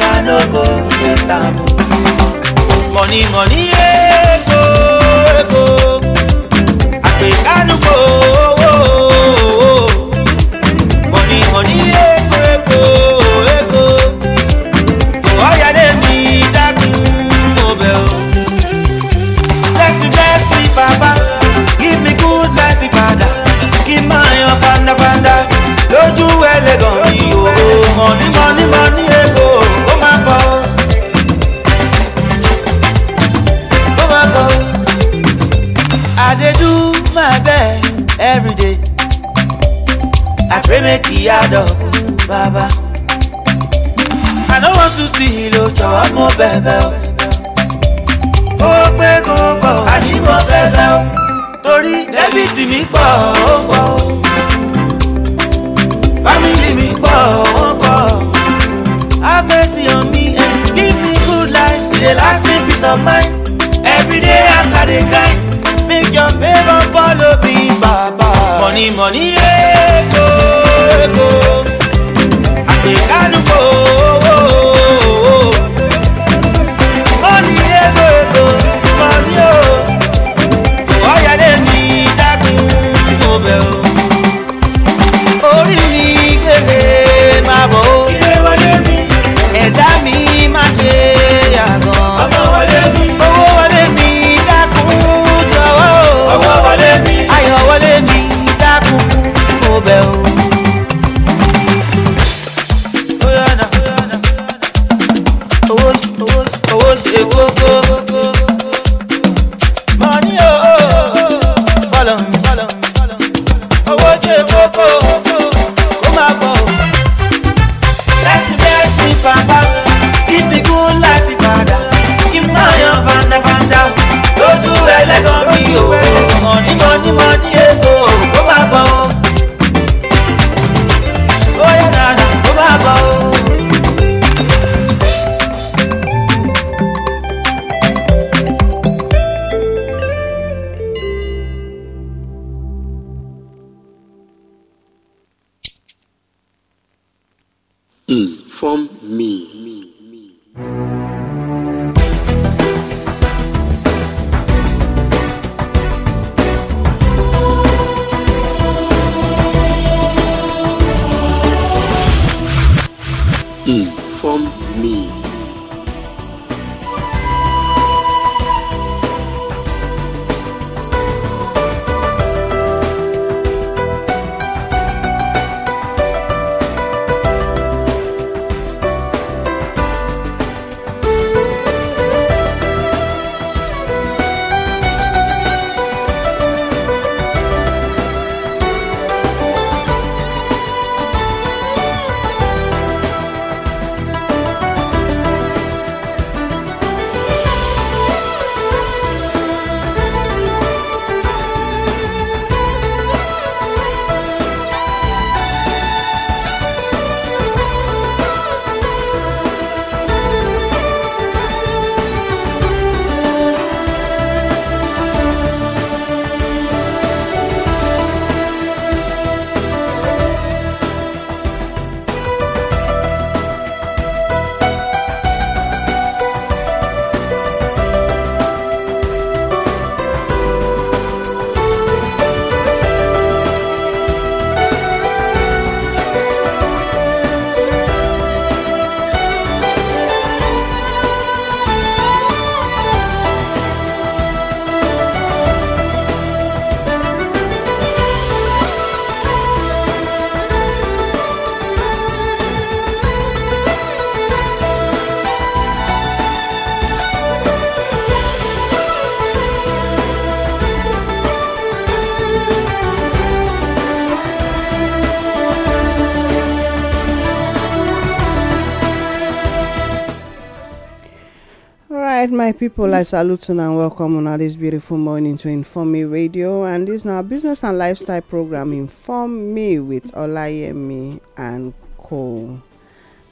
i no go get am money money ego ego àgbẹ̀kánú go. make e add baba. I no want to see lo jọ̀wọ́ mo bẹ̀bẹ̀ o. Ó pé kó pọ̀ àní mo bẹ̀bẹ̀ o. Torí dẹ́bìtì mi pọ̀ ó pọ̀ o. Fámìlì mi pọ̀ ó pọ̀ o. Have mercy on me and eh, give me good life. E dey last me peace of mind. Every day as I dey grind. Make your favour follow me, Baba. Money, money, yeah. I do People, i salute you and welcome on this beautiful morning to inform me radio and dis na business and lifestyle program inform me with olayemi and co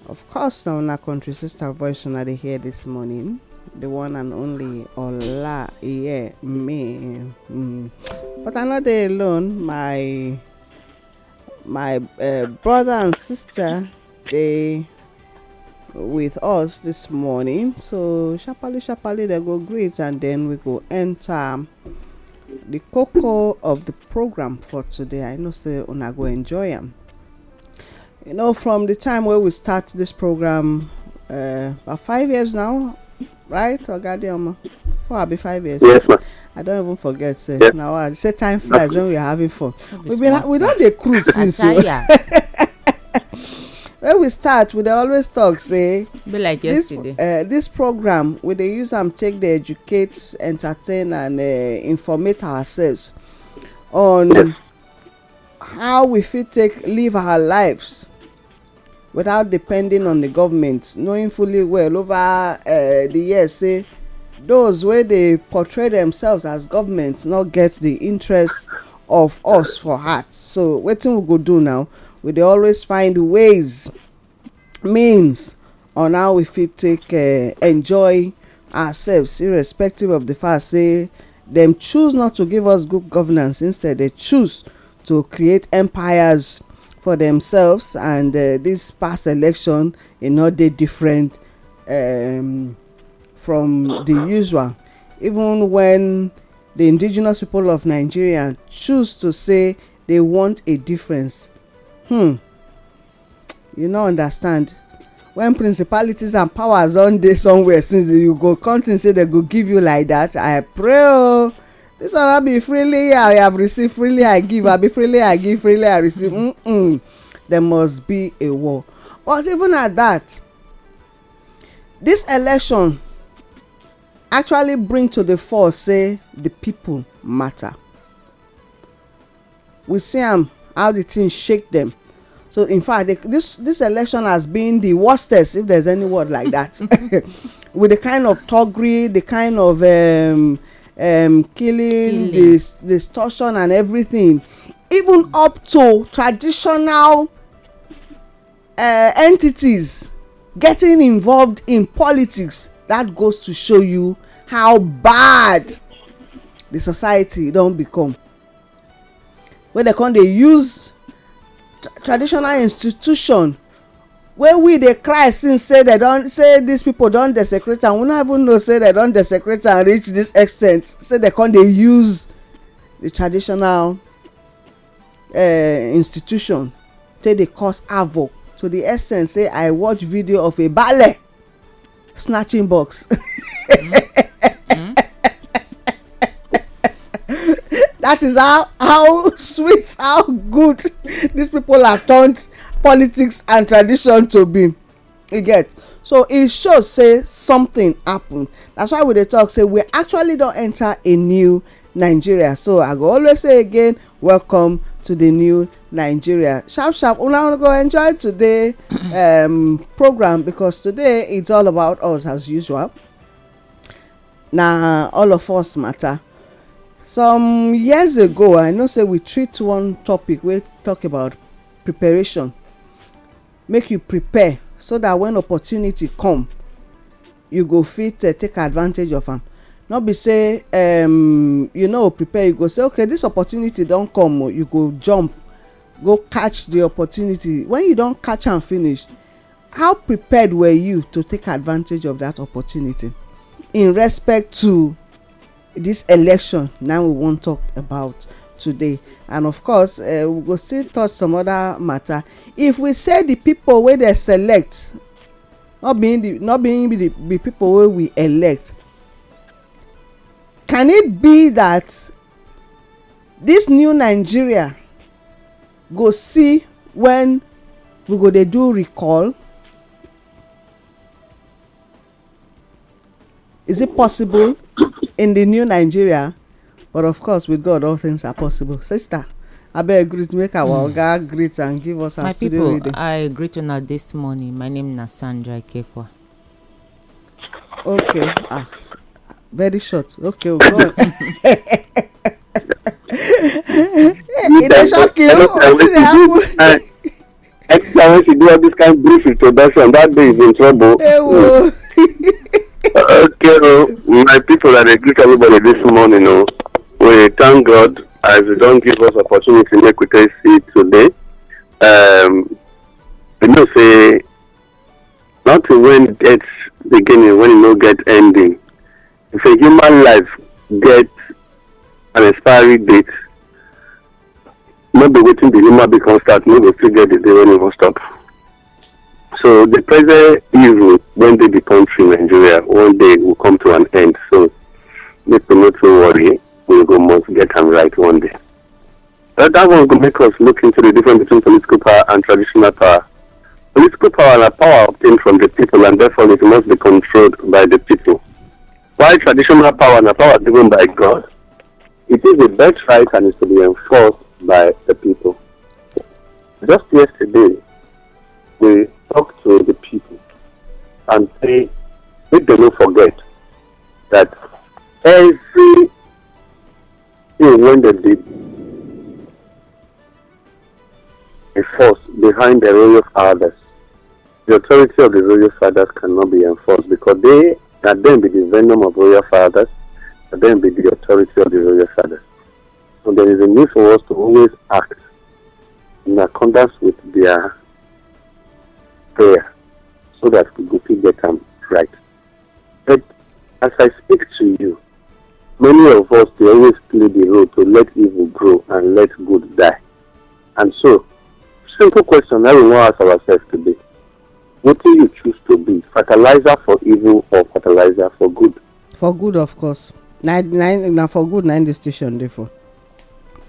of course now our country sister voice on dey here this morning the one and only olayemi mm. but i no dey alone my my eh, brother and sister they with us this morning. So shapali shapali, they go greet, and then we go enter the cocoa of the program for today. I know say una go enjoy them. You know, from the time where we start this program, uh, about five years now, right? Ogadioma, four be five years. Yes, ma. I don't even forget. Say yes. now, I say time flies when we are having fun. We've been we don't dey cruise since. when we start we dey always talk say be like yesterday this eh, this program we dey use am take dey educate entertain and eh, informate ourselves on how we fit take live our lives without depending on the government knowing fully well over eh, the years say those wey dey portray themselves as government no get the interest of us for heart so wetin we go do now we dey always find ways means on how we fit take eh, enjoy ourselves irrespective of the fact say dem choose not to give us good governance instead dem choose to create empires for themselves and eh, this past election e no dey different um, from the usual even when the indigenous people of nigeria choose to say they want a difference hmm you no understand when principalities and powers don dey somewhere since you go come think say dem go give you like that i pray o this one no be freely i have received freely i give I be freely i give freely i receive mm -mm. there must be a war but even at that this election actually bring to the fore say the people matter we see am how the thing shake them so in fact they, this this election has been the worstest if there's any word like that with the kind of toggery the kind of um, um, killing this distortion and everything even up to traditional uh, entities getting involved in politics that goes to show you how bad the society don become wey dem come dey use traditional institution wey we dey cry since say dem don say dis pipo don desecrate am we no even know say dem don desecrate am reach dis extent say dem come dey use the traditional eh, institution take dey cause havoc to di extent say i watch video of a ballet snatching box mm. that is how how sweet how good these people have turned politics and tradition to be you get so e show say something happen that's why we dey talk say we actually don enter a new nigeria so i go always say again welcome to the new nigeria sharp sharp una go enjoy today um, program because today it's all about us as usual na all of us matter some years ago i know say we treat one topic wey talk about preparation make you prepare so that when opportunity come you go fit uh, take advantage of am no be say um, you no know, prepare you go say okay this opportunity don come oh, you go jump go catch the opportunity when you don catch am finish how prepared were you to take advantage of that opportunity in respect to This election now we won't talk about today and of course uh, we go still touch some other matter. if we say the people wey dey select not being not being the people wey we elect can it be that this new nigeria go see when we go dey do recall is it possible in the new nigeria but of course with god all things are possible sister abeg greet make our hmm. oga greet and give us our studio reading. my people i greet una this morning my name na sandra ikekwa. okay ah very short okay o oh God. on. e dey shock you wetin oh, dey happen. anytime wey she do all this kind brief introduction that day is in trouble. Hey, hmm. Okay, my people that they greet everybody this morning, you know, we thank God as He don't give us opportunity to make we take see today. Um, you know, say not when get beginning when you no get ending. If a human life get an expiry date, no be wetin the human become start, no go still get the day when e wan stop. So the present evil, when they become free Nigeria, one day will come to an end. So make not to worry, we will must get them right one day. That, that one will make us look into the difference between political power and traditional power. Political power and power obtained from the people and therefore it must be controlled by the people. While traditional power and power given by God, it is the best right and is to be enforced by the people. Just yesterday, the talk to the people and say, let them not forget that every thing when they did a force behind the royal fathers, the authority of the royal fathers cannot be enforced because they that then be the venom of royal fathers, that then be the authority of the royal fathers. So there is a need for us to always act in accordance with their prayer so that we go can get them right. But as I speak to you, many of us they always play the role to let evil grow and let good die. And so, simple question Everyone asks ourselves today. What do you choose to be? Fertilizer for evil or fertilizer for good? For good, of course. Nine, nine, now for good, nine the station, therefore.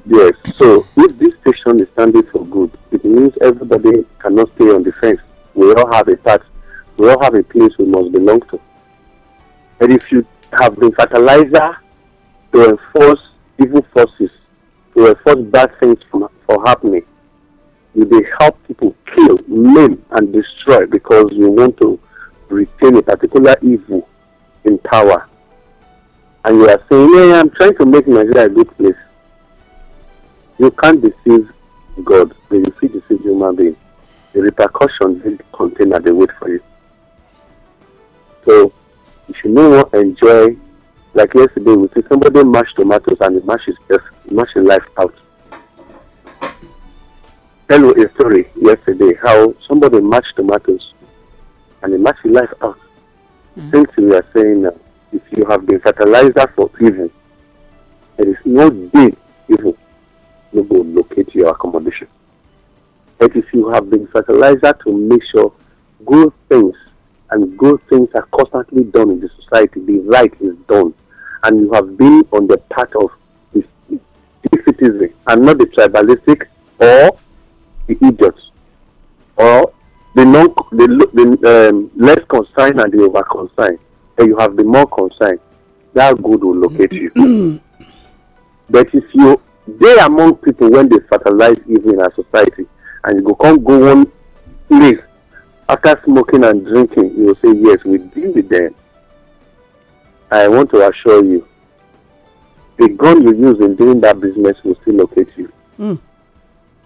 Yes, so if this station is standing for good, it means everybody cannot stay on the fence. We all have a part. We all have a place we must belong to. And if you have been fertilizer to enforce evil forces, to enforce bad things from, for happening, you will help people kill, maim, and destroy because you want to retain a particular evil in power. And you are saying, yeah, I'm trying to make Nigeria a good place. You can't deceive God, but you see deceive human beings the repercussions in the container they wait for you. So if you no what enjoy like yesterday we see somebody mash tomatoes and the mash is mash his life out. Tell you a story yesterday how somebody mashed tomatoes and the mashed life out. Mm-hmm. Since we are saying uh, if you have been fertilizer for evil, there is no day evil no go locate your accommodation that if you have been fertilizer to make sure good things and good things are constantly done in the society, the right is done, and you have been on the path of the, the citizen and not the tribalistic or the idiots or the non the, the um, less concerned and the over concerned, and you have been more concerned, that good will locate you. but if you they among people when they fertilize even in our society, and you go come go one place after smoking and drinking you will say yes we deal with them i want to assure you the gun you use in doing that business will still locate you mm.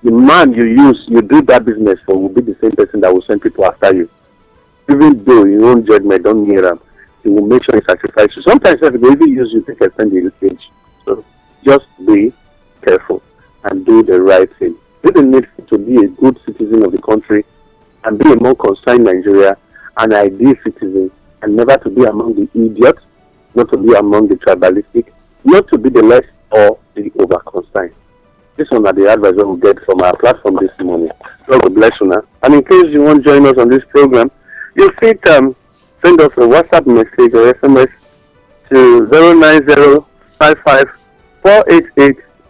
the man you use you do that business for will be the same person that will send people after you even though your own judgment not near him, he will make sure he sacrifice you sometimes sef he go even use you to extend the age so just be careful and do the right thing didn't need to be a good citizen of the country and be a more concerned Nigeria, an ideal citizen, and never to be among the idiots, not to be among the tribalistic, not to be the less or the over concerned. This one are the advice we get from our platform this morning. God bless you now. And in case you want to join us on this program, you fit um, send us a WhatsApp message or SMS to 090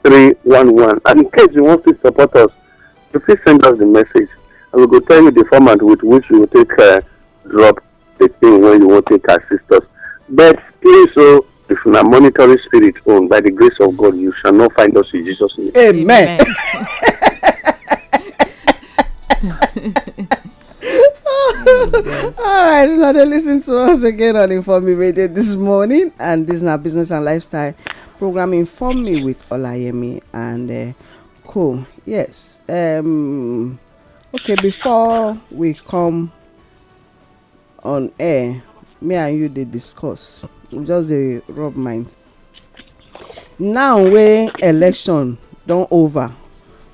311. And in case you want to support us, you please send us the message. And we will tell you the format with which you will take uh, drop the thing when you want to assist us. But please, so oh, if you are monetary spirit owned by the grace of God, you shall not find us in Jesus' name. Amen. Amen. All right, now they listen to us again on Informe Radio this morning, and this is our business and lifestyle. program Inform Me with Olayemi and uh, Co. Yes. Um, okay, before we come on air, me and you dey discuss. just dey rub mind. Now wey election don over,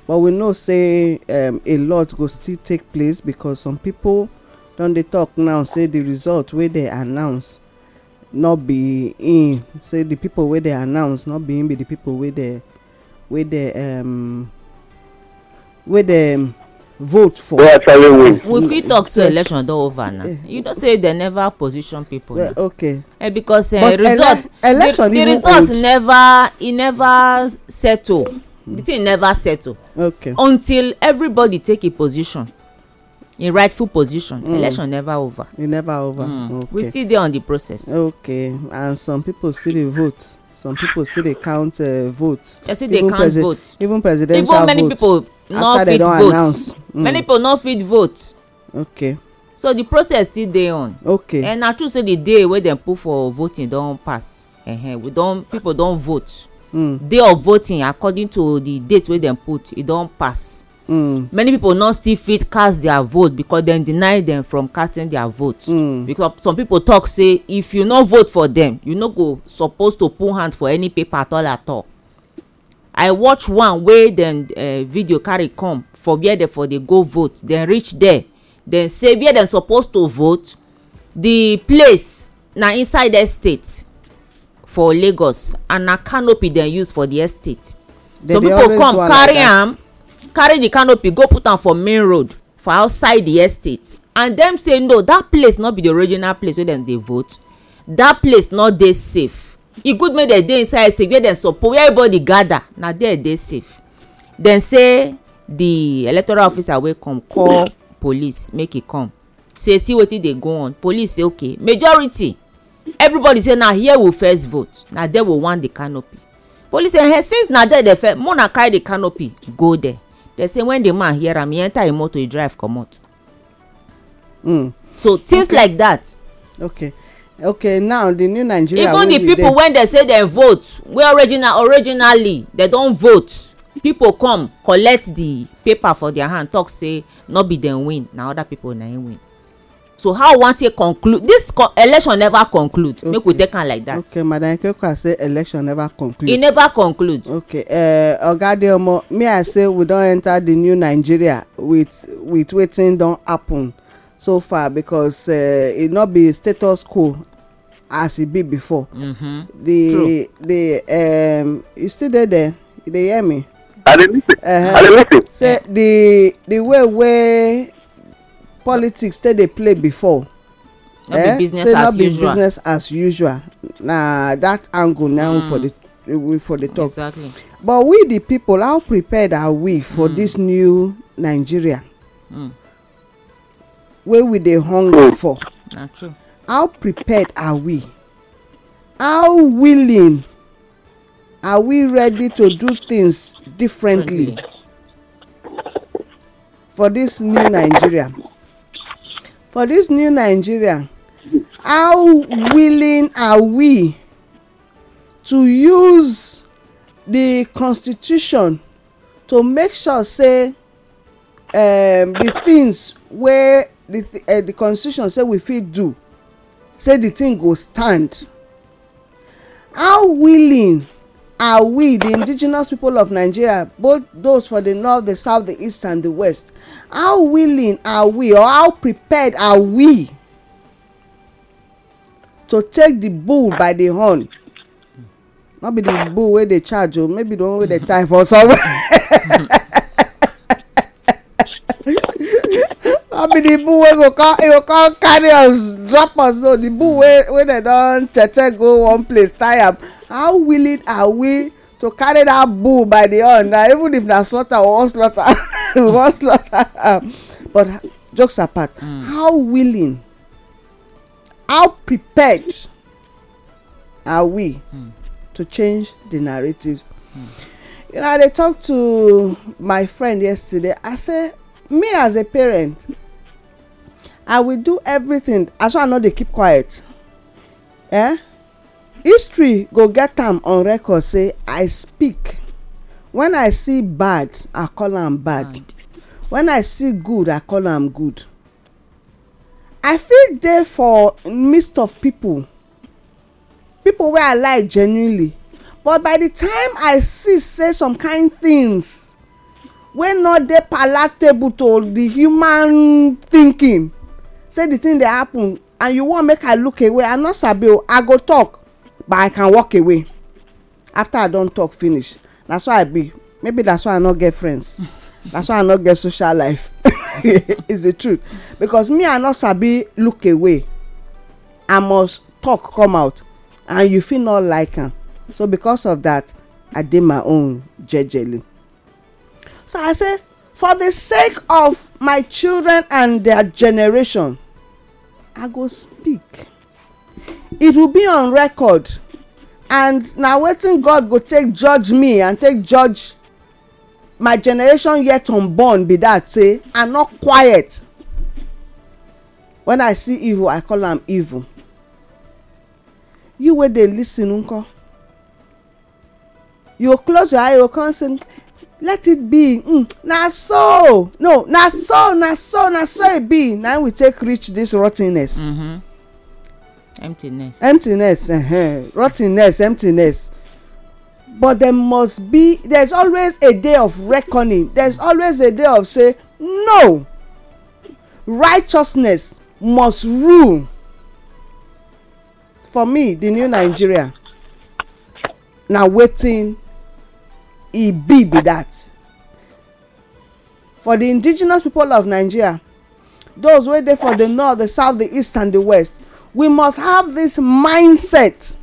but we know say um, a lot go still take place because some people don dey talk now say the result wey dey announce not be him say the people wey dey announce not be him be the people wey dey wey dey um wey dey vote for wey actually win we fit talk say election don over eh, now eh, you know say dem never position people. well okay eh because uh, result election the result never e never settle the thing never settle okay until everybody take a position in rightful position mm. election never over e never over mm. mm okay we still dey on the process okay and some people still dey vote some people still dey count uh, vote yes still dey count vote even presidential votes. even many people no fit vote Mm. many people no fit vote okay so the process still dey on okay and na true say the day wey dem put for voting don pass uh -huh. we don people don vote mm. day of voting according to the date wey dem put e don pass mm. many people no still fit cast their vote because dem deny dem from casting their vote mm. because some people talk say if you no vote for dem you no go suppose to put hand for any paper at all at all i watch one wey dem uh, video carry come for where dem for dey go vote dem reach there dem say where dem suppose to vote the place na inside estate for lagos and na canopy dem use for the estate some people come carry am carry the canopy go put am for main road for outside the estate and dem say no dat place no be the original place wey dem dey vote dat place no dey safe e good make dem dey inside estate where dem suppose where everybody gather na there e dey safe dem say the electoral officer wey come call police make e come say see wetin dey go on police say okay majority everybody say na here we first vote na there we want the canopy police say eh, since na there dey first mona carry the canopy go there they say when the man hear am he enter him motor he drive comot. Mm. so things okay. like that. okay okay now the new nigeria even the people when they say they vote wey original originally they don vote people come collect the paper for their hand talk say no be them win na other people na im win so how we wan take conclude this co election never conclude okay. make we take am like that. okay madam ikeka say election never conclude. e never conclude. okay uh, oga adeomo may i say we don enter the new nigeria with with wetin don happen so far because uh, e no be status quo as e be before. Mm -hmm. the True. the um, you still dey there you dey hear me. i dey lis ten eh, i dey lis ten. say the the way wey politics take dey play before eh say no be eh? business as usual na that angle now mm. for the for the talk exactly but we the people how prepared are we for mm. this new nigeria mm. wey we dey hunger for how prepared are we how willing are we ready to do things differently for this new nigeria for this new nigeria how willing are we to use the constitution to make sure say um, di things wey di uh, constitution say we fit do say the thing go stand how willing are we the indigenous people of nigeria both those for the north the south the east and the west how willing are we or how prepared are we to take the bull by the horn no be the bull wey dey charge o maybe the one wey dey tie for somewhere the bull wey go come e go come carry us drop us no the bull wey wey dem don tete go one place tie am how willing are we to carry that bull by the horn na even if na slaughter we wan slaughter we wan slaughter am but jokes apart mm. how willing how prepared are we mm. to change the narrative mm. you know i dey talk to my friend yesterday i say me as a parent i will do everything as long as i no dey keep quiet eh history go get am on record say i speak when i see bad i call am bad when i see good i call am good i fit dey for midst of people people wey i like genuinely but by the time i see say some kind things wey no dey palatable to the human thinking say the thing dey happen and you wan make i look away i no sabi o i go talk but i can walk away after i don talk finish na so i be maybe that's why i no get friends that's why i no get social life is the truth because me i no sabi look away i must talk come out and you fit no like am so because of that i dey my own jejely so i say for the sake of my children and their generation i go speak it will be on record and na wetin god go take judge me and take judge my generation yet unborn be that say i no quiet when i see evil i call am evil you wey dey lis ten nko you go close your eye you go come say let it be mm, na so no na so na so na so e be na we take reach this rottenness. Mm -hmm. emptiness. emptiness uh -huh. rottenness emptiness but there must be there's always a day of reckoning there's always a day of say no righteousness must rule for me the new nigeria na wetin e be be that for the indigenous people of nigeria those wey dey for the north the south the east and the west we must have this mindset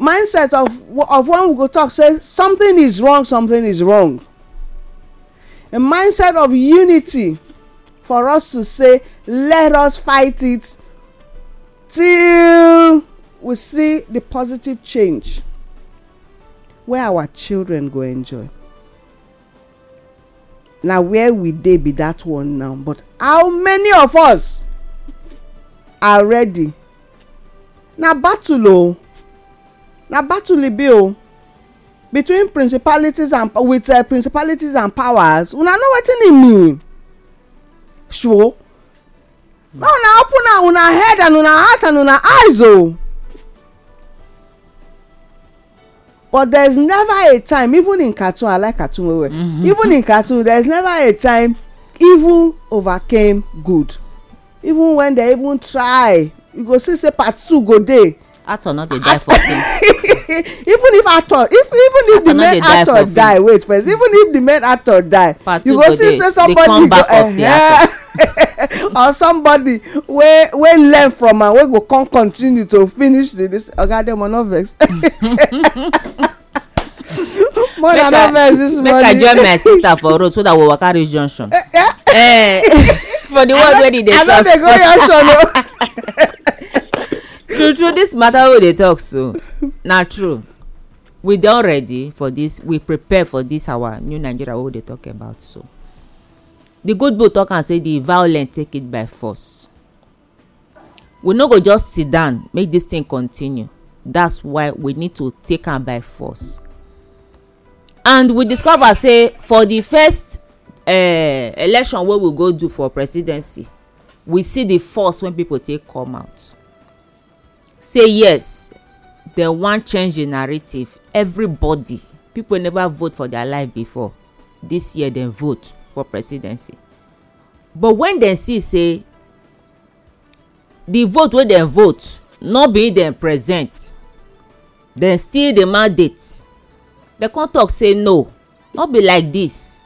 mindset of of when we go talk say something is wrong something is wrong a mindset of unity for us to say let us fight it till we see the positive change wey our children go enjoy na where we dey be that one now but how many of us are ready na battle o na battle e be o between principalities and with uh, principalities and powers una know wetin e mean sure. make una open una head and una heart and una eyes o but there's never a time even in cartoon i like cartoon well well mm -hmm. even in cartoon there's never a time evil overcame good even when they even try you go see say part two go dey actor no dey die for film even if actor if even if the main actor die, wait first even if the main actor die you go, see say somebody go uh, or somebody wey wey learn from am wey go come continue to finish the this oga ademo no vex more than no vex this morning make i join my sister for road so that we waka reach junction eh, eh. eh for the world wey dey talk so i no dey go junction o. Oh. true true this matter wey we dey talk so na true we don ready for this we prepare for this our new nigeria wey we dey talk about so the good book talk am say the violent take it by force we no go just sit down make this thing continue that's why we need to take am by force and we discover say for the first uh, election wey we go do for presidency we see the force wey people take come out say yes dem wan change the narrative everybody people never vote for their life before this year dem vote for presidency but when dem see say the vote wey dem vote no be dem present dem still the mandate dem come talk say no no be like this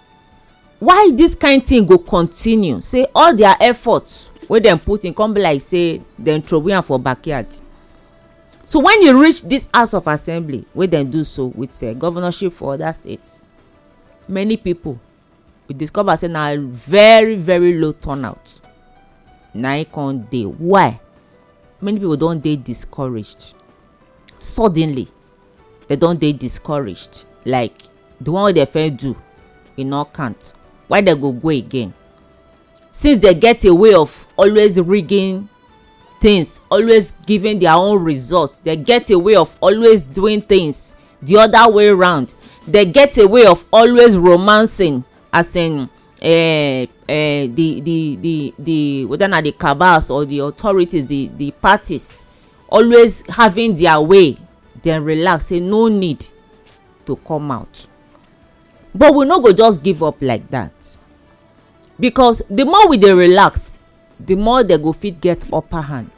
why this kind thing go continue say all their efforts wey dem put in come be like say dem throway am for backyard so when e reach this house of assembly wey dem do so with uh, governorship for other states many people we discover say na very very low turnout na e come dey why many people don dey discouraged suddenly they don dey discouraged like the one wey dem first do e no count why they go go again since they get a way of always rigging things always giving their own result they get a way of always doing things the other way round They get a way of always romancing as in uh, uh, the the the the whether na the cabals or the authorities the the parties always having their way then relax say no need to come out but we no go just give up like that because the more we dey relax the more they go fit get upper hand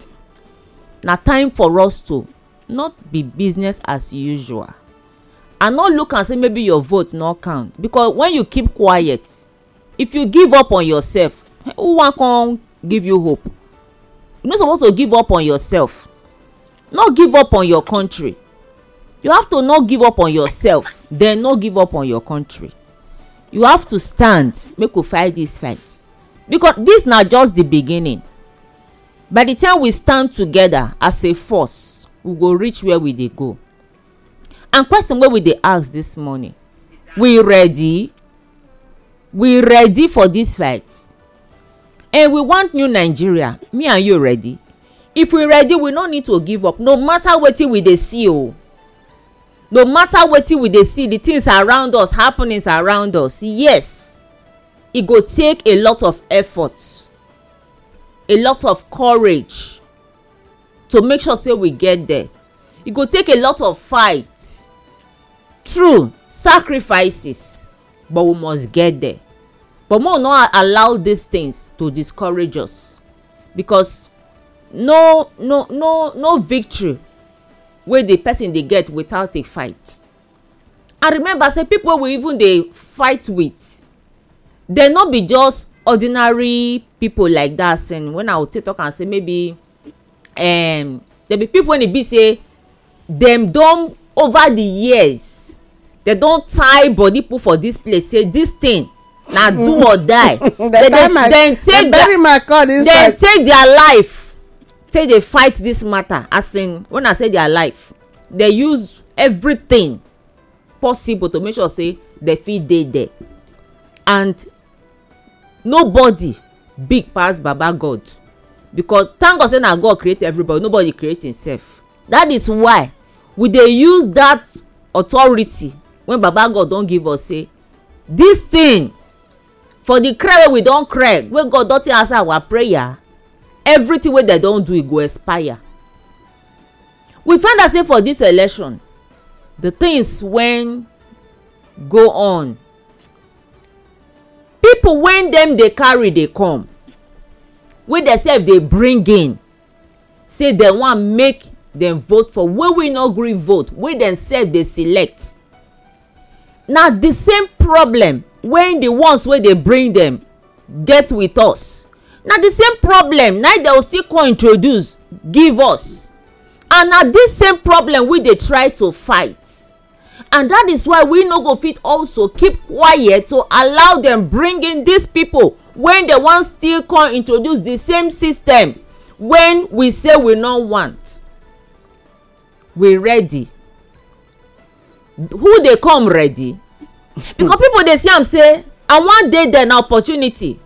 na time for us to not be business as usual and no look am say maybe your vote no count because when you keep quiet if you give up on yourself who wan come give you hope you no suppose to give up on yourself no give up on your country you have to no give up on yourself then no give up on your country you have to stand make we fight this fight because this na just the beginning by the time we stand together as a force we go reach where we dey go and question wey we dey ask this morning we ready we ready for this fight and eh, we want new nigeria me and you ready if we ready we no need to give up no matter wetin we dey see o oh. no matter wetin we dey see the things around us happenings around us yes e go take a lot of effort a lot of courage to make sure say we get there e go take a lot of fight true sacrifices but we must get there but make we no allow these things to discourage us because no no no no victory wey the person dey get without a fight and remember say people we even dey fight with dem no be just ordinary people like that sin when i go take talk am say maybe um there be people wey e be say dem don over the years dem don tie body put for dis place say dis thing na do or die dem take dem take their life take dey fight dis matter as in when i say their life dem use everything possible to make sure say dem fit dey there and nobody big pass baba god because thank god say na god create everybody nobody create himself that is why we dey use that authority when baba god don give us say this thing for the cry wey we don cry wey god don take answer our prayer everything wey dem don do e go expire we find out say for this election the things wen go on people wen dem dey carry dey come wey dem sef dey bring in say dem wan make dem vote for wey we no gree vote wey dem sef dey select na the same problem wey the ones wey dey bring them get with us na the same problem na dem still come introduce give us and na this same problem we dey try to fight and that is why we no go fit also keep quiet to allow them bring in these people when dem wan still come introduce the same system when we say we no want we ready who dey come ready because people dey see am say i wan dey there na opportunity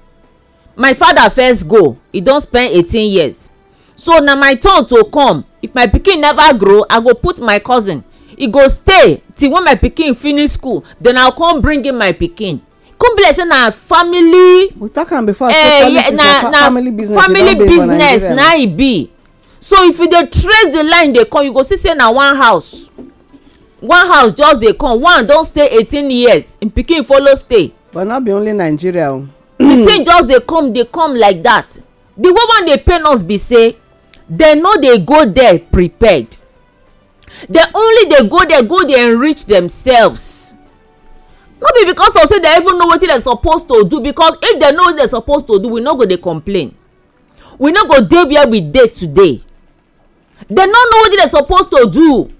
my father first go he don spend eighteen years so na my turn to come if my pikin never grow i go put my cousin He go stay till when my pikin finish school then i come bring in my pikin come be like say na family we talk am before eh, yeah, na, family business e family business na e be so if you dey trace the line dey come you go see say na one house one house just dey come one don stay eighteen years im pikin follow stay. but no be only nigeria o. the thing just dey come dey come like that the way one dey pain us be say dem no dey go there prepared dem only dey go there go dey enrich themselves no be because of say dem even know wetin dem suppose to do because if dem know wetin dem suppose to do we no go dey complain we no go dey where we dey today dem no know wetin dem suppose to do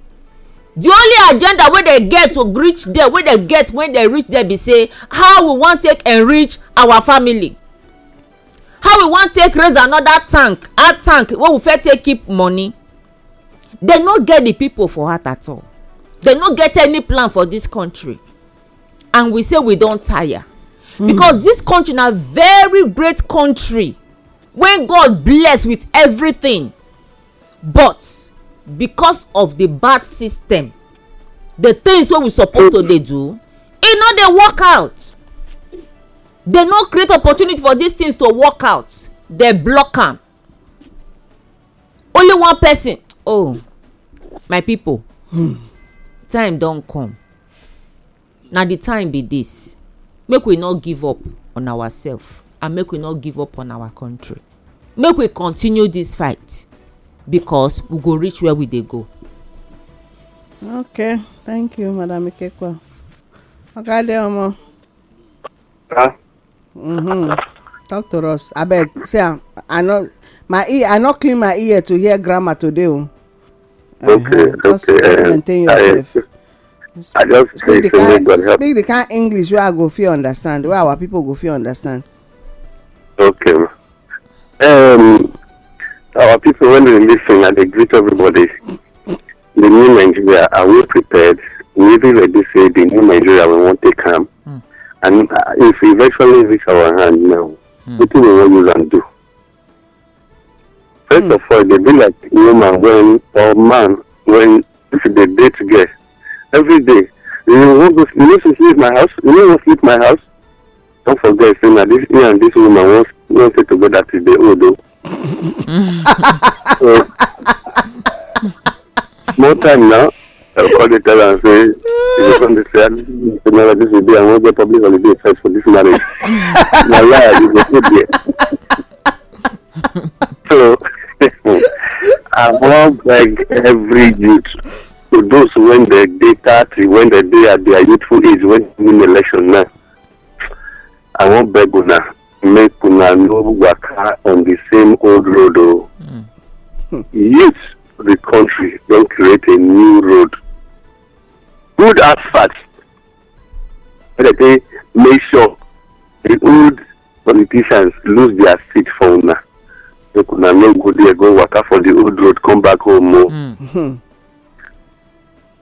the only agenda wey dem get to reach there wey dem get when dem reach there be say how we wan take enrich our family how we wan take raise another tank add tank wey we fit take keep money dem no get the people for heart at all dem no get any plan for this country and we say we don tire mm. because this country na very great country wey god bless with everything but because of the bad system the things wey we suppose to dey do e no dey work out dey no create opportunity for these things to work out dey block am only one person oh my people hmm, time don come na the time be this make we no give up on ourselves and make we no give up on our country make we continue this fight because we go reach where we dey go. okay thank you madam ikekwa ọkade ọmọ. Mm-hmm. talk to us abeg see am i no my ear i no clean my ear to hear grammar today o. Oh. Uh-huh. okay uh-huh. just, okay eh, just maintain yourself. I, just speak the kind speak the kind english where i go fit understand Where our people go fit understand. okay. Um, our people, when they listen and they greet everybody, the new Nigeria, are we prepared? We even ready to say the new Nigeria we want to come. Mm. And uh, if we eventually reach our hand now, mm. what do we want to do? First mm. of all, they be like woman when or man when if they date together. Every day, you want to you need sleep my house, you don't want to sleep my house. Don't forget, saying that this me and this woman wants, wants to go that is the old though. More time now I will call the teller and say You don't understand I won't get public holiday For this marriage My life is a good day So I won't beg every youth To those who win their day To those who win their day At their youthful age When you win election now I won't beg you now make una no waka on the same old road o oh. hmm. youth the country don create a new road good asphalt wey dey make sure the old politicians lose their seat for una make una no go there go waka for the old road come back home o. Oh. Hmm. Hmm.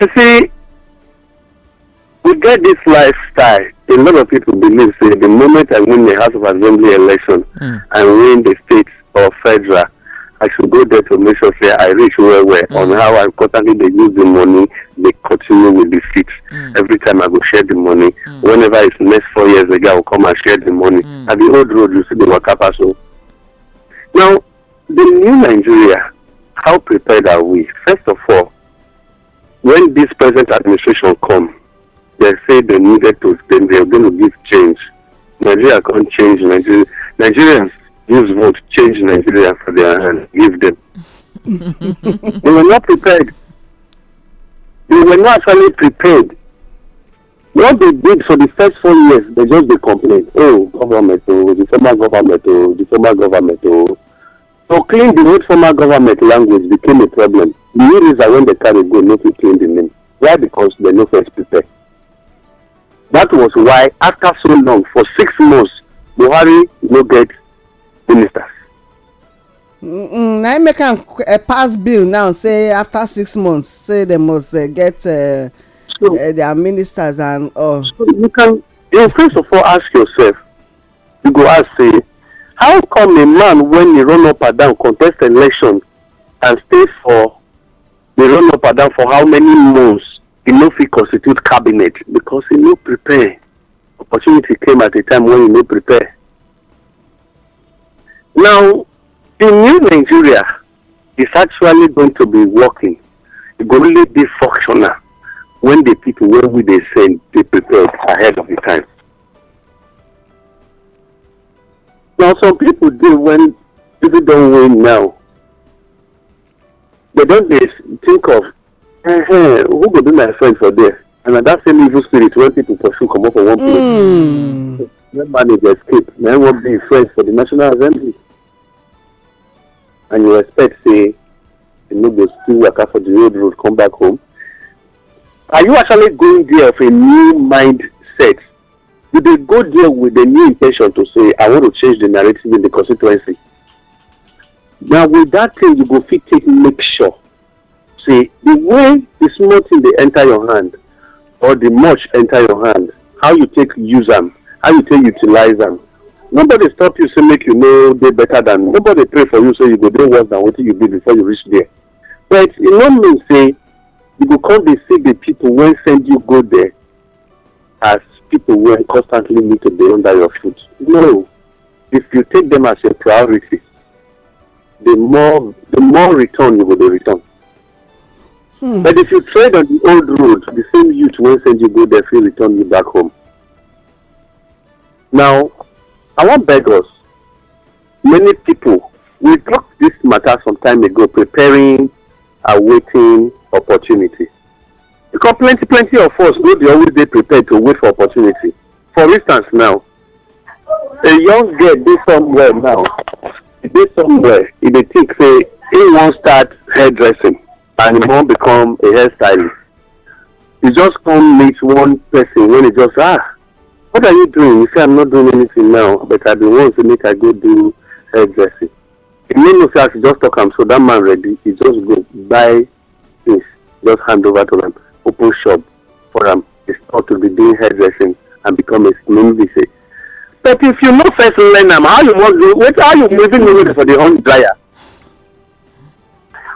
you see we get this lifestyle. A lot of people believe say the moment I win the House of Assembly election mm. and win the state or federal, I should go there to make sure say I reach well well mm. on how I constantly they use the money, they continue with the seats. Mm. Every time I go share the money, mm. whenever it's next four years ago, I will come and share the money. Mm. At the old road, you see the waka paso. Now, the new Nigeria, how prepared are we? First of all, when this present administration come, they say they needed to spend, they are going to give change. Nigeria can't change Nigeria. Nigerians use vote, change Nigeria for their hand, give them. they were not prepared. They were not actually prepared. What they did for the first four years, they just they complained, oh, government, oh, the former government, oh, the former government, oh. So clean the old former government language became a problem. The new reason when they carry go, not to clean the name. Why? Because they're not first prepared. That was why, after so long, for six months, Buhari no get ministers. na im make am eh, pass bill now say after six months say dem must eh, get eh, their ministers and all. so you can you first of all ask yourself you go ask say how come a man wen e run up and down contest election and stay for e run up and down for how many months e no fit constitute cabinet because e no prepare opportunity came at a time when e no prepare now the new nigeria is actually going to be working e go really dey functional when the people wey we dey send dey prepared ahead of the time now some people dey when people don win now they don dey think of Uh-huh. Who go be my friend for there? And at that same evil spirit when people pursue come up for one place. Mm. When manager escape, then won't be friends for the National Assembly. And you expect say you no go still waka for the road road come back home. Are you actually going there with a new mindset? You dey go there with a new intention to say I want to change the narrative in the constituency. Now with that thing you go fit take make sure See the way the small thing they enter your hand or the much enter your hand how you take use them? how you take utilize them? nobody stop you say make you know they better than nobody pray for you say you go do worse than what you be before you reach there but e no mean say you go come They see the people when send you go there as people when constantly need to dey under your foot no if you take them as a priority the more the more return you go dey return Mm. But if you trade on the old road, the same youth won't send you go there, feel return you back home. Now, I want beggars. Many people, we talked this matter some time ago, preparing, awaiting opportunity. Because plenty, plenty of us no dey always be prepared to wait for opportunity. For instance now, a young girl dey somewhere now, dey somewhere, if e they think say he wan start hairdressing and he won't become a hairstylist. He just come meet one person when he just ah, what are you doing? You say I'm not doing anything now, but I been want to make a good do hairdressing. He no know say he just talk him, so that man ready, he just go buy things, just hand over to am, open shop for am, he start to be doing hairdressing and become a slim visa. But if you no first learn am, how you wan go? Wait, how you moving away for the home dryer?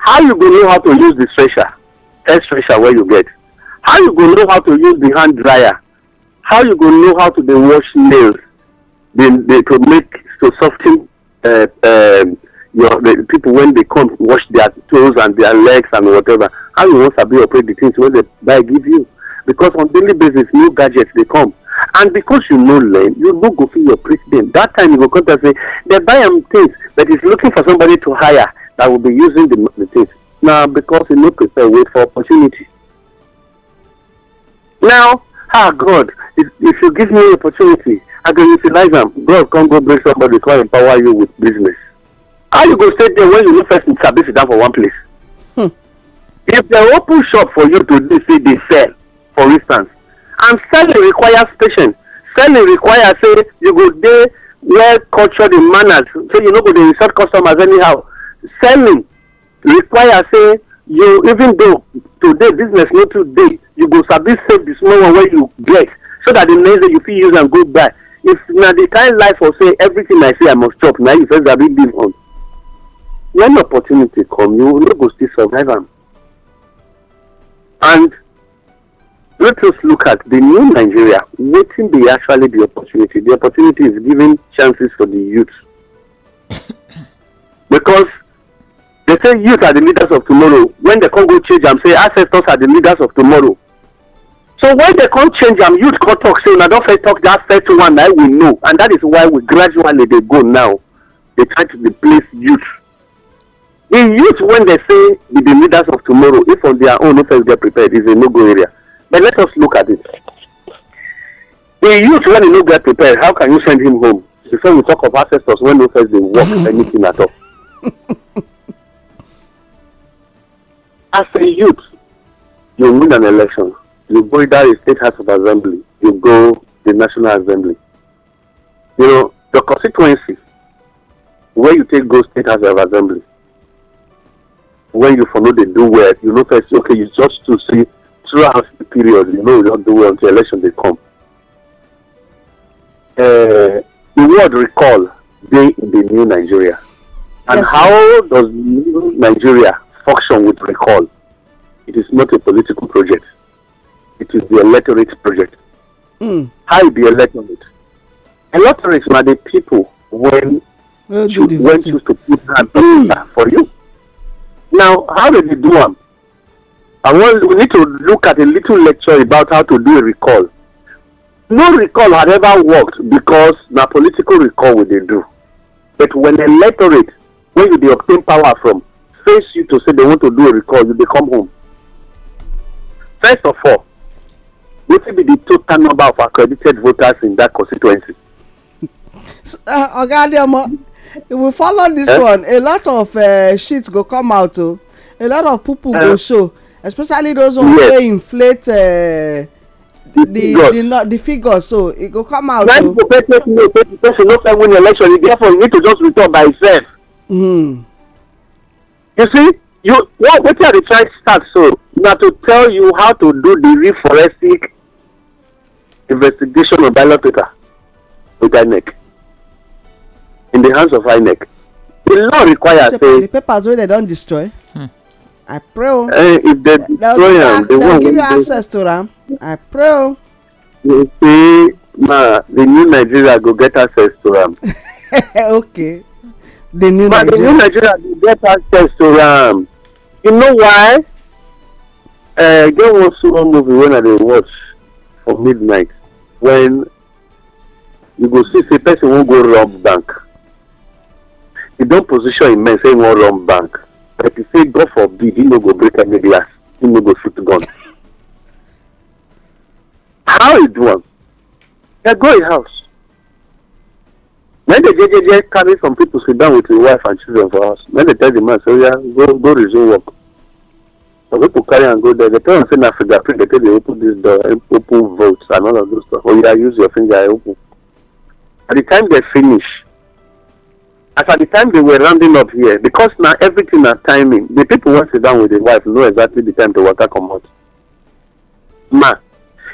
how you go know how to use the stretcher air stretcher wey you get how you go know how to use the hand dryer how you go know how to dey wash nails dey dey to make to sof ten uh, um, your the people when they come wash their toes and their legs and whatever how you wan sabi operate the things wey dey buy give you because on daily basis new gadgets dey come and because you no learn you no go fit your president. that time you go come tell say they buy am things but is looking for somebody to hire that will be using the, the things. Now, because you no prepare, wait for opportunity. Now, ah, God, if, if you give me opportunity, I can utilize them. God can go bring somebody to empower you with business. How you go stay there when you no first sabi service down for one place? Hmm. If they open shop for you to see, they sell, for instance, and selling requires patience. Selling requires say you go there, well cultured in manners, so you know go dey insult customers anyhow selling require say you even though today business no too dey you go sabi save the small one wey you get so that the next day you fit use am go buy if na the kind life for say everything i say i must chop na you first sabi live on when opportunity come you no go still survive am and let us look at the new nigeria wetin be actually the opportunity the opportunity is giving chances for the youth because They say youth are the leaders of tomorrow. When they come go change them, say ancestors are the leaders of tomorrow. So when they come change them, youth come talk say, "Una don first talk that first one that we know," and that is why we gradually dey go now. They try to replace youth. The youth when they say be the leaders of tomorrow, if on their own no first get prepared, is a no-go area. But let us look at it. The youth when he no get prepared, how can you send him home? Before we talk of ancestors when no first dey work anything at all as a youth, you win an election. You go either a state house of assembly, you go the national assembly. You know, the constituency where you take go state house of assembly, when you for no dey do well, you know first, okay, you just to see throughout the period, you know you don't do well until election dey come. Uh, the word recall dey in the new Nigeria. And yes. how does new Nigeria function with recall. It is not a political project. It is the electorate project. Mm. How the electorate? Electorates are the people when when choose to put hand for you. Now, how did you do them? And well, we need to look at a little lecture about how to do a recall. No recall had ever worked because na political recall would they do. But when electorate, when you they obtain power from, face you to say they want to do a recall you dey come home first of all wetin be the total number of accredited voters in that constituency. oga adeomo if we follow this eh? one a lot of uh, shit go come out o a lot of people eh? go show especially those ones yes. wey inflate. Uh, the figures. the the, the figures. so e go come out. when the person no person no fit win election therefore you need to just return by itself. Mm. You see, you what what are the trying to start so now to tell you how to do the forensic investigation of ballot paper with INEC in the hands of INEC. The law requires say the papers wey dem don destroy. Hmm. I pray o. Eh, if dem destroy am the one give you access to them. I pray o. You see, ma the new Nigeria go get access to them. okay the new but nigeria. the new nigeria dey get access to am you know why uh, eh, was e one small movie when i dey watch for midnight when you go see say person won't go rob bank e don position im men say im wan rob bank but he e say god forbid he no go break any glass he no go shoot gun how e do am dem go in house when the jejeje carry some people sit down with him wife and children for house when they tell the man say oya oh, go go resume work some people carry am go there they tell am say na fingerprint they take dey open this door open vote and all of those stuff oya oh, use your finger open at the time they finish as at the time they were rounding up here because na everything na timing the people wey sit down with the wife know exactly the time to waka comot ma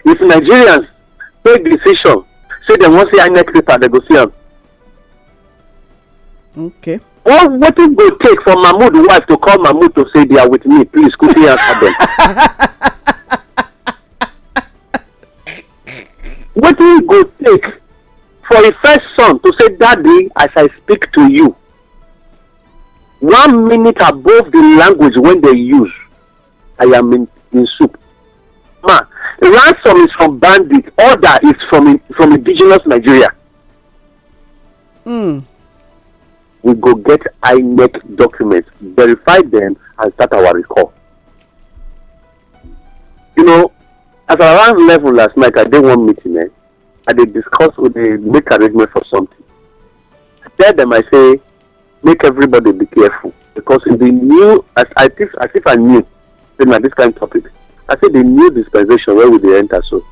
if nigerians take decision say dem wan see inec paper dem go see am Okay. What what it go take for Mahmood wife to call Mahmoud to say they are with me? Please could you answer them? what it go take for a first son to say, Daddy, as I speak to you, one minute above the language when they use, I am in, in soup. Ma, ransom is from bandit, order is from from indigenous Nigeria. Hmm. we go get INEC documents, verify them, and start our recall. You know, at around level last night, I did one meeting, eh, and they discuss with the make arrangement for something. I tell them, I say, make everybody be careful because in the new, as I think, as if I knew, then at this kind of topic, I say the new dispensation where will they enter so,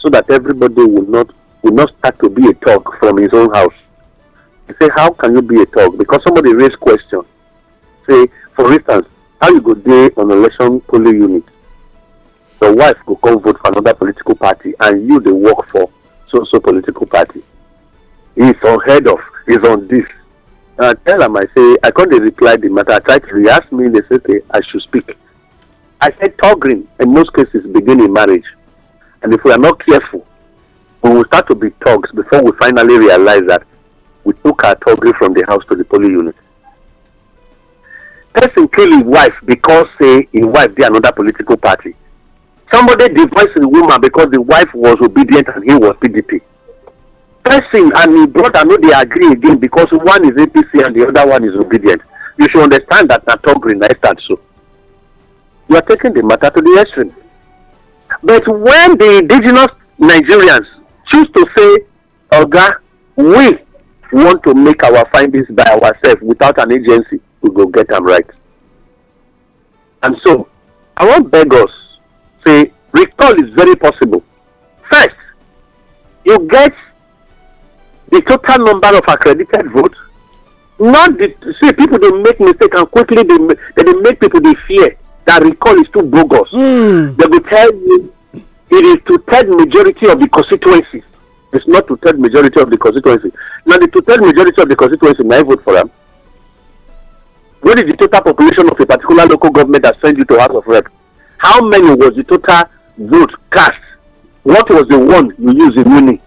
so that everybody will not will not start to be a talk from his own house. Say How can you be a thug? Because somebody raised question. Say, for instance, how you go day on election polling unit? Your wife go come vote for another political party and you they work for so so political party. He's head of, he's on this. And I tell him, I say, I can't reply the matter. I try to, he ask me, they say hey, I should speak. I said, thugging in most cases begin in marriage. And if we are not careful, we will start to be thugs before we finally realize that we took her togri from the house to the police unit person kill his wife because say his wife dey another political party somebody divorce his woman because the wife was obedient and he was pdp person and his brother no they agree again because one is apc and the other one is obedient you should understand that na togri na stand so you are taking the matter to the extreme but when the indigenous nigerians choose to say oga we want to make our findings by ourselves without an agency we go get am right and so i wan beg us say recall is very possible first you get the total number of accredited votes not the see people dey make mistake and quickly dey they dey make people dey fear that recall is too bogus. Mm. they go tell you it is to third majority of the constituencies is not to tell majority of the constituency na the to tell majority of the constituency na vote for am what is the total population of a particular local government that send you to house of rep how many was the total vote cast what was the one you use in winning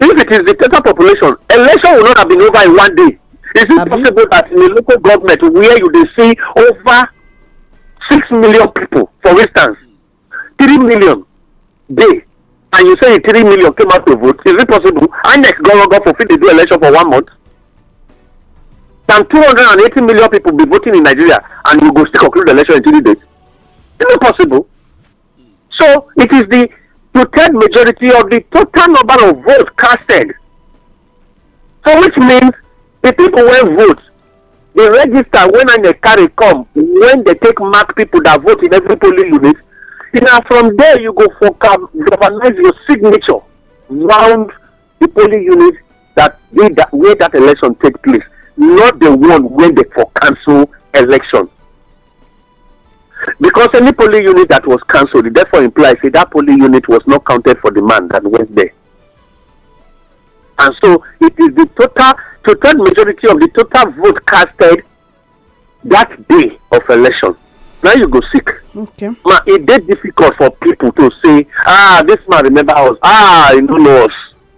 if it is the total population election will not have been over in one day is it possible that in a local government where you dey see over six million people for instance three million dey and you say three million came out to vote is it possible inec gorogo fulfil dey do election for one month can two hundred and eighty million people be voting in nigeria and we go still conclude the election in three days Is it possible so it is the two-third majority of the total number of votes casted so which means the people wey vote dey register when inec carry come when they take mark people that vote in every polling unit na from there you go for galvanize your signature round the polling unit that they that where that election take place not the one when they for cancel election because any polling unit that was cancelled it therefore implies say that polling unit was not counted for the man that went there and so it is the total total majority of the total vote casted that day of election now you go sick okay ma it' dey difficult for people to say ah this man remember us ah he no know us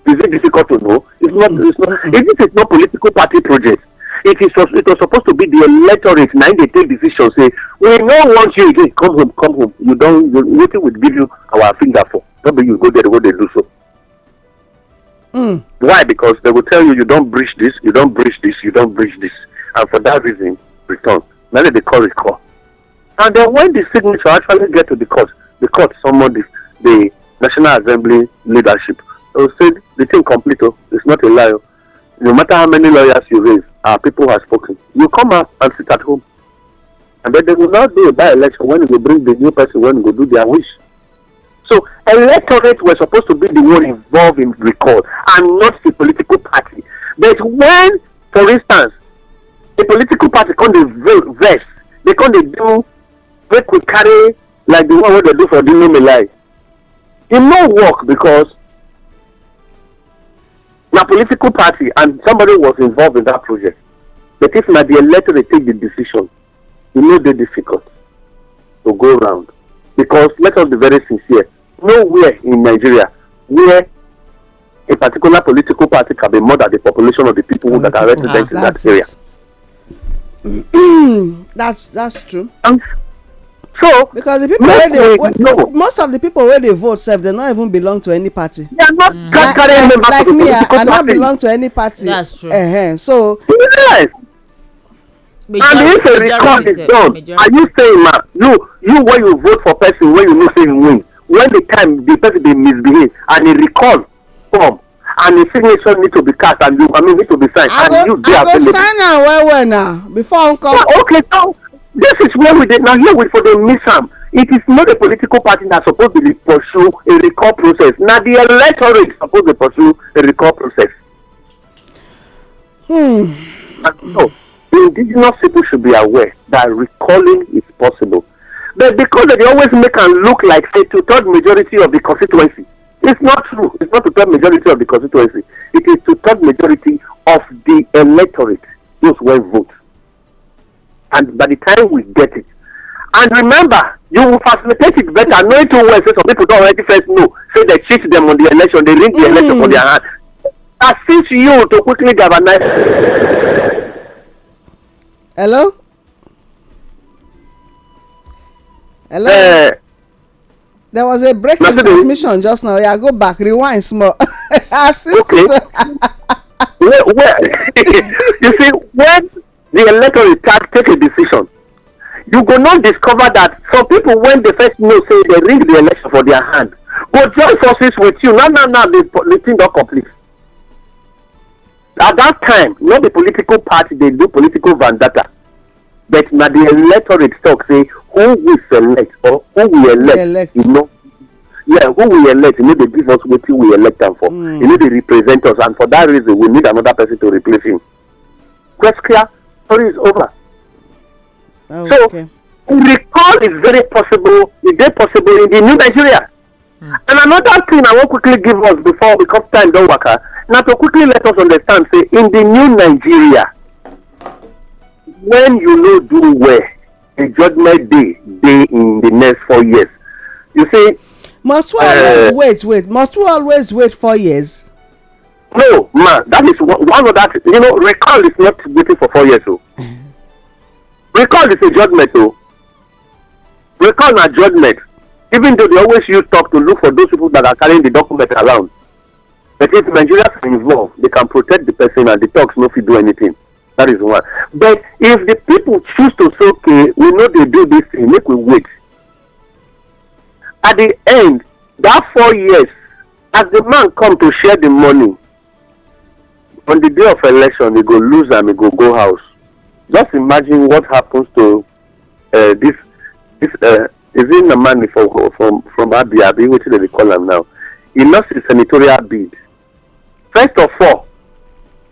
is it difficult to know it's not it's not If it is not political party project it is it was supposed to be the electorate na im dey take decision say we no want you again come home come home you don Nothing will give you our finger for no be you go there go there. do so. Mm. why because they will tell you you don't breach this you don't breach this you don't breach this and for that reason return they call it call And then when the signature actually get to the court, the court summoned the, the National Assembly leadership. So said the thing complete. Oh, it's not a lie. Oh. No matter how many lawyers you raise, our people have spoken. You come out and sit at home. And then they will not do a by election when you bring the new person when you do their wish. So electorate were supposed to be the one involved in recall and not the political party. But when, for instance, the political party come dey vex, they come dey do They could carry like the one wey dem do for dinomi life e no work because na political party and somebody was involved in that project but if na the electorate take the decision e no dey difficult to go round because let us be very sincere nowhere in nigeria where a particular political party can be more than the population of the people mm that are ah, resident in that area. that's that's true. And so because the people wey dey no. most of the people wey dey vote sef dey not even belong to any party yeah, not mm. like, like, like me i, I no belong to any party That's true. Uh -huh. so yes and if a record is done are you saying ma you you when you vote for person wey you know say him win when the time the person dey misbehave and a record form and the signature need to be cast and you i mean need to be signed I and go, you dey available. i go sign am well well na before i come. Yeah, okay so this is where we dey now here we for dey miss am it is not a political party that suppose dey pursue a recall process na the electorate suppose dey pursue a recall process. Hmm. and so indigenous people should be aware that recalling is possible but because they dey always make am look like say two third majority of the constituency it's not true it's not two third majority of the constituency it is two third majority of the electorate those wey vote and by the time we get it and remember you will facilitate it better knowing too well say some people don already first know say they cheat them on the election they ring the mm. election for their hand assist you to quickly galvanize. hello. hello. Uh, there was a break in transmission just now yeah go back rewind small assist. okay. well, well you see when the electorate take a decision you go not discover that some people when they first know say they ring the election for their hand go join forces with you now now now the, the thing don complete at that time no be political party dey do political vendetta but na the electorate talk say who we select or who we elect, elect. you know yeah who we elect you know dey give us wetin we elect am for mm. you know dey represent us and for that reason we need another person to replace him quite clear story is over. Oh, so okay. recall is very possible Is dey possible in the new nigeria. Mm. and another thing i want quickly give us before because time don waka ah, now to quickly let us understand say in the new nigeria when you know do well the judgment day dey in the next four years you see. must we uh, always uh, wait wait must we always wait four years. No, man, that is one, of that. You know, recall is not waiting for four years. Oh. recall is a judgment. Oh. Recall na judgment. Even though they always use talk to look for those people that are carrying the document around. But if Nigerians are involved, they can protect the person and the talks no fit do anything. That is one. But if the people choose to say, okay, we know they do this thing, make we wait. At the end, that four years, as the man come to share the money, on the day of election they go lose and they go go house just imagine what happens to uh, this dis uh, is it namani from from from abi abi wetin dem call him now He lost his senatorial bid first of all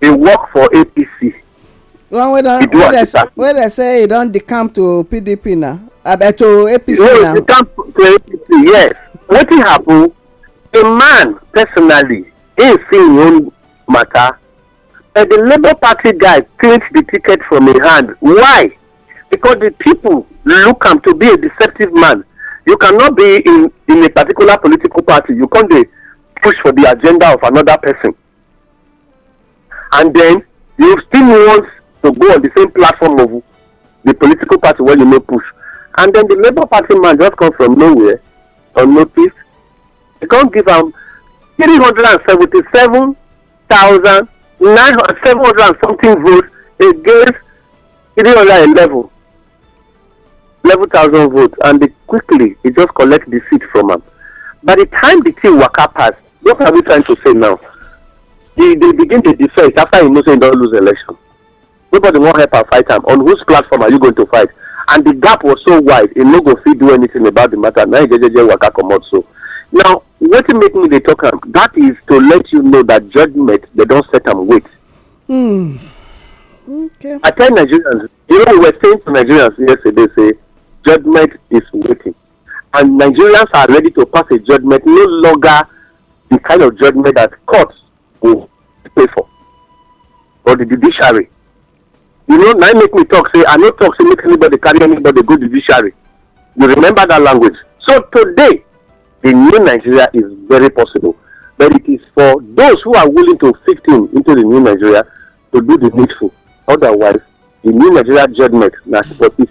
he work for apc one wey don wey dey say e don decamp to pdp na abeg uh, to apc now. He decamp to apc yes wetin happen a man personally im see im own matter And the Labour Party guy clinch the ticket from a hand. Why? Because the people look him to be a deceptive man. You cannot be in, in a particular political party. You can't be push for the agenda of another person. And then you still want to go on the same platform of the political party where you no push. And then the Labour Party man just come from nowhere notice. They can't give him thousand nine seven hundred and something votes against three hundred and eleven eleven thousand votes and they quickly they just collect the seat from am by the time the thing waka pass what are we trying to say now they they begin dey defend after he know say you don lose election nobody wan help am fight am on whose platform are you going to fight and the gap was so wide he no go fit do anything about the matter na e jejeje waka comot so now what wetin make me dey talk am that is to let you know that judgment they don't set am wait hmm okay i tell nigerians you know were saying to nigerians yesterday say judgment is waiting and nigerians are ready to pass a judgment no longer the kind of judgment that courts go pay for or the judiciary you know now make me talk say i no talk say make anybody carry anybody go judiciary you remember that language so today the new Nigeria is very possible. But it is for those who are willing to fit in into the new Nigeria to do the needful. Otherwise, the new Nigeria judgment na but it's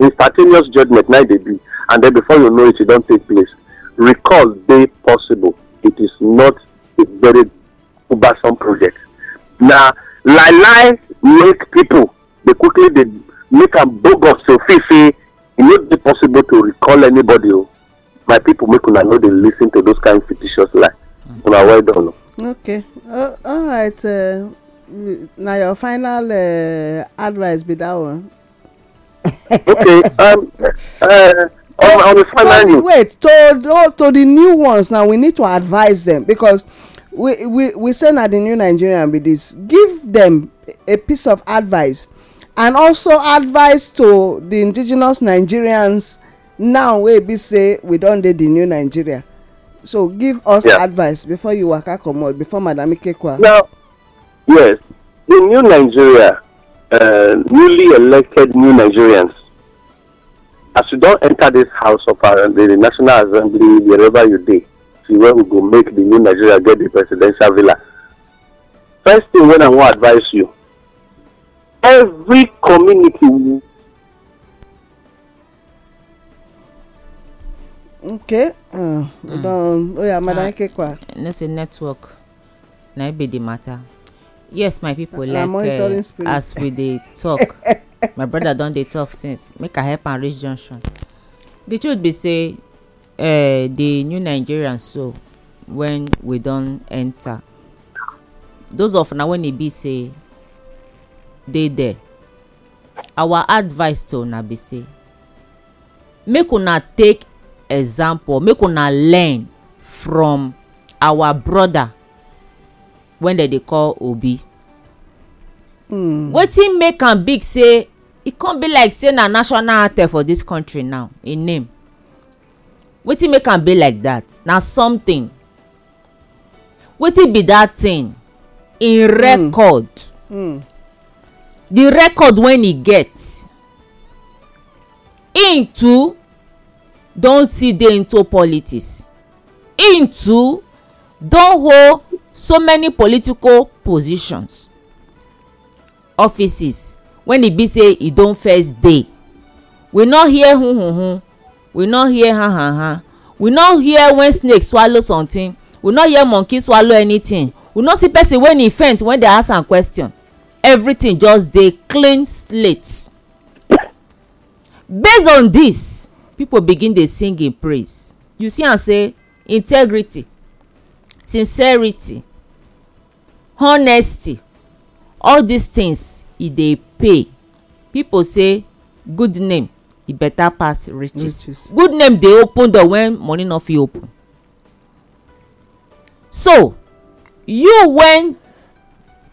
instantaneous judgment na they e be and then before you know it it don't take place. Recall they possible. It is not a very cumbersome project. Now, lie lie make people They quickly they make a bogus to feel say e no dey possible to recall anybody o my people make una no dey lis ten to those kind fictitious lie mm. una well done okay uh, all right uh, na your final uh, advice be that one. okay um, uh, on, on the final note. wait to oh, to the new ones now we need to advise them because we we we say na the new nigerian be this give them a piece of advice and also advice to the indigenous nigerians now wey e be say we don dey the new nigeria so give us advice before you waka comot before madam ikekwa now yes the new nigeria uh, newly elected new nigerians as you don enter this house of uh, the national assembly wherever you dey see where we go make the new nigeria get the presidential villa first thing wey i wan advise you every community Mm. Mm. nke oya oh madam ah, kekwa no say network na e be the matter yes my people like uh, as we dey talk my brother don dey talk since make i help am reach junction the truth be say uh, the new Nigerians. so when we don enter those of na when e be say dey there our advice to una be say make una take example make una learn from our brother wey dem dey call obi mm. wetin make am big say e come be like say na national anthem for dis country now im name wetin make am be like that na something wetin be that thing im hmm. record mm. the record wey e get im too don still dey into politics im too don hold so many political positions offices wen e be say e don first dey we no hear hun hun hun we no hear ha ha ha we no hear when snake swallow something we no hear monkey swallow anything we no see person wey e faint when dey ask am question everything just dey clean slate based on this people begin dey sing in praise you see am say integrity sincerity honesty all these things e dey pay people say good name e better pass riches, riches. good name dey open door when money no fit open so you when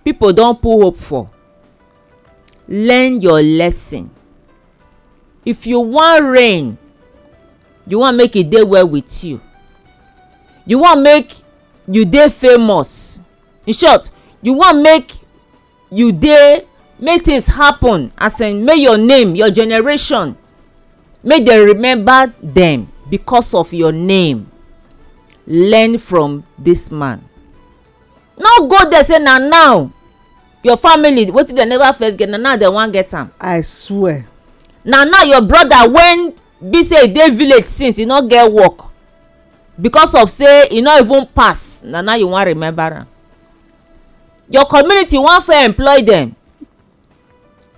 people don put hope for learn your lesson if you wan reign you wan make e dey well with you you wan make you dey famous in short you wan make you dey make things happen as in make your name your generation make dem remember dem because of your name learn from this man no go there say na now your family wetin dem never first get na now dem wan get am. i swear. na now your brother wen be say e dey village since e no get work because of say e no even pass na now you wan remember am your community wan fair employ dem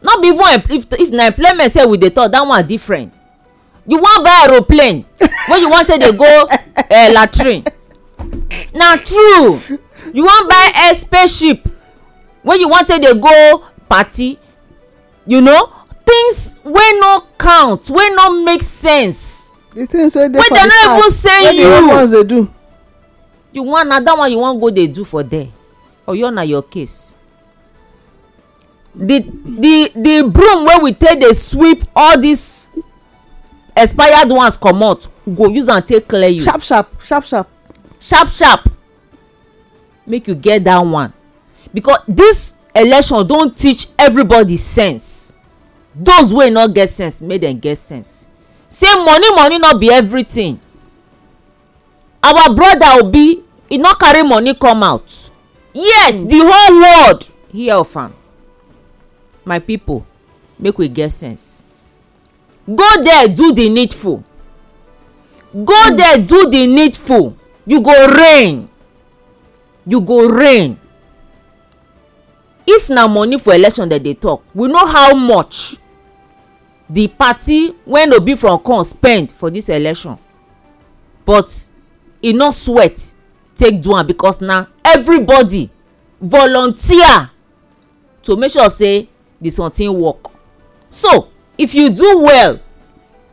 no be even if if na employment sef we dey talk that one different you wan buy aeroplane wey you wan take dey go uh, latrine na true you wan buy air spaceship wey you wan take dey go party you know things wey no count wey no make sense the things wey dey for the past even say you the ones dey do you wan na that one you wan go dey do for there Or oyo na your case the the the broom wey we take dey sweep all these expired ones comot go use am take clear you sharp sharp sharp sharp sharp sharp make you get that one because this election don teach everybody sense those wey no get sense make dem get sense say money money no be everything our brother obi e no carry money come out yet mm. the whole world hear of am my people make we get sense go there do the needful go mm. there do the needful you go reign you go reign if na money for election dem dey talk we know how much The party wen obi from come spend for this election but e no sweat take do am because na everybody volunteer to make sure say the something work so if you do well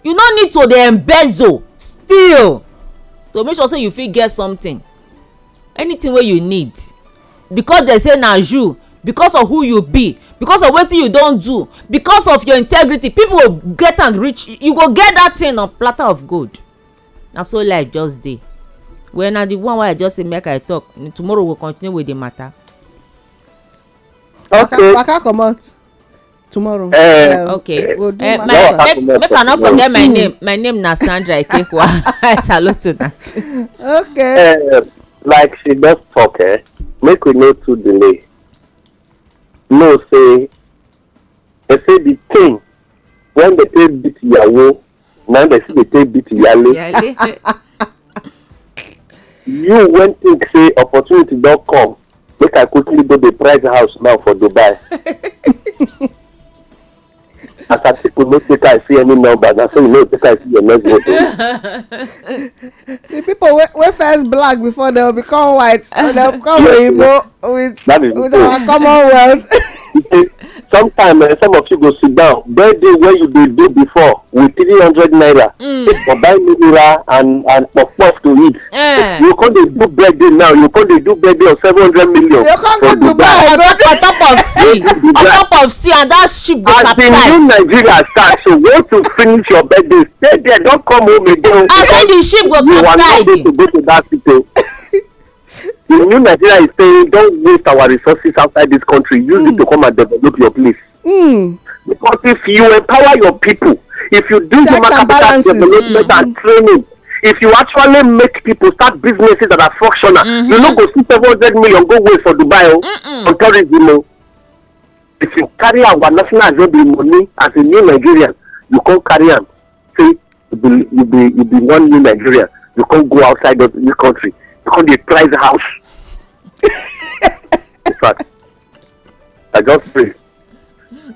you no need to dey embezzle steal to make sure say you fit get something anything wey you need because dey say na you because of who you be because of wetin you don do because of your integrity people go get am reach you go get that thing on platter of gold na so life just dey well na the one wey i just say make i talk tomorrow we we'll continue with the matter. okay waka comot tomorrow. Uh, uh, okay we'll uh, my, make, make i no forget my name my name na sandra ikekwa i salute una. okay. Uh, like she just talk eh make we no too delay know say they say the thing when they take beat yawo now they see they take beat yale you when think say opportunity don come make i quickly go dey price house now for dubai. as i take no take eye see any number na so we no take eye see your next vote. the people wey wey first black before dem become white so dem become oyibo with with our commonwealth. Sometimes uh, eh, some of you go sit down birthday where you dey do before with three hundred naira for buy mineral and and puff to eat eh. you come dey do birthday now you come dey do birthday of seven hundred million you come go dubai go on top of sea on top of sea and that ship go capsize. as the new nigeria start so wait to finish your birthday stay there don come home again. i say the ship go capsize. you are not going to go to that city the new nigeria is saying don't waste our resources outside this country use mm. it hmm. to come and develop your place. Mm. because if you empower your people if you do Checks human capital development mm. and hmm. training if you actually make people start businesses that are functional mm -hmm. you mm-hmm. no go see seven hundred million go waste for dubai o oh, on tourism o oh. if you carry our national assembly money as a new nigerian you come carry am say you be you be you be one new nigerian you come go outside of this country you come dey price house in fact i just pray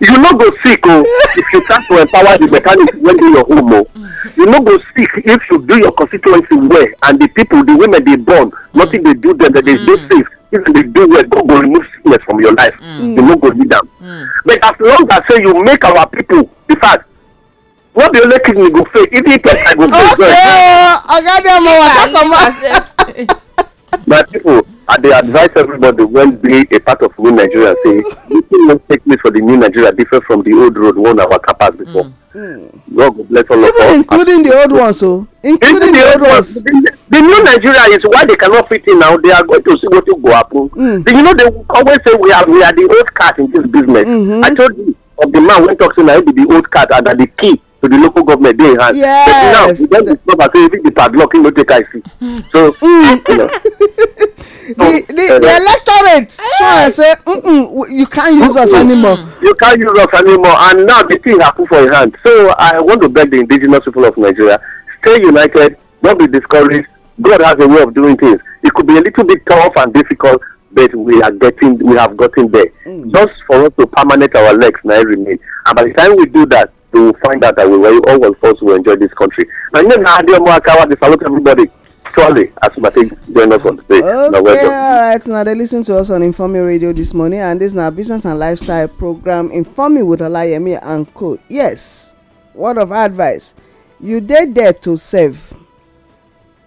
you no go sick o oh. if you start to empower the mechanics wey dey your home o oh, you no go sick if you do your constituency well and the people the women dey born mm. nothing dey do them dem dey dey safe if dem dey do well god go remove sickness from your life mm. you no go need am mm. but as long as say you make our people in fact no be only kidney go fail even if person go fail well. okay oga dem o waka comot my people i dey advise everybody when be a part of new nigeria say you no take place for the new nigeria different from the old road one our waka pass before hmm. god go bless all of us even including the old ones o oh. including the old ones. The, new nigeria is why they cannot fit in now they are going to see what go happen. Hmm. Mm. you know they always say we are we are the old cat in this business. Mm -hmm. i told you of the man wey talk say na him be the old cat and na the key to the local government dey in hand yes. but now we don discover say even the padlock he no take eye see so mm. you know. the the uh, the electorate So I say mm -mm, you can't use mm -mm, us anymore. you can't use us anymore and now the thing happen for your hand so i want to beg the indigenous people of nigeria stay united don't be discouraged god has a way of doing things it could be a little bit tough and difficult but we are getting we have gotten there mm. just for us to permanent our legs now remain and by the time we do that they find out that we were all well forced to enjoy this country. And then I dear Mwakawa to salute everybody. Surely, as Matik join us on today. Okay, all right. Now they listen to us on Informe Radio this morning, and this is our business and lifestyle program, Informe with Olayemi and Co. Yes, word of advice: you dare there to serve.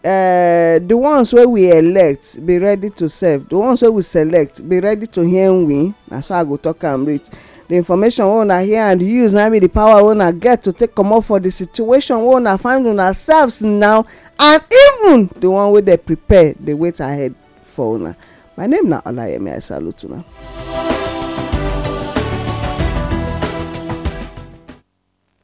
Uh, the ones where we elect be ready to serve the ones where we select be ready to hear win na so i go talk and reach The information wey una hear and use na be the power wey una get to take comot for the situation wey una find una selves now and even the one wey dey prepare dey wait ahead for una my name na olayemi i salute una.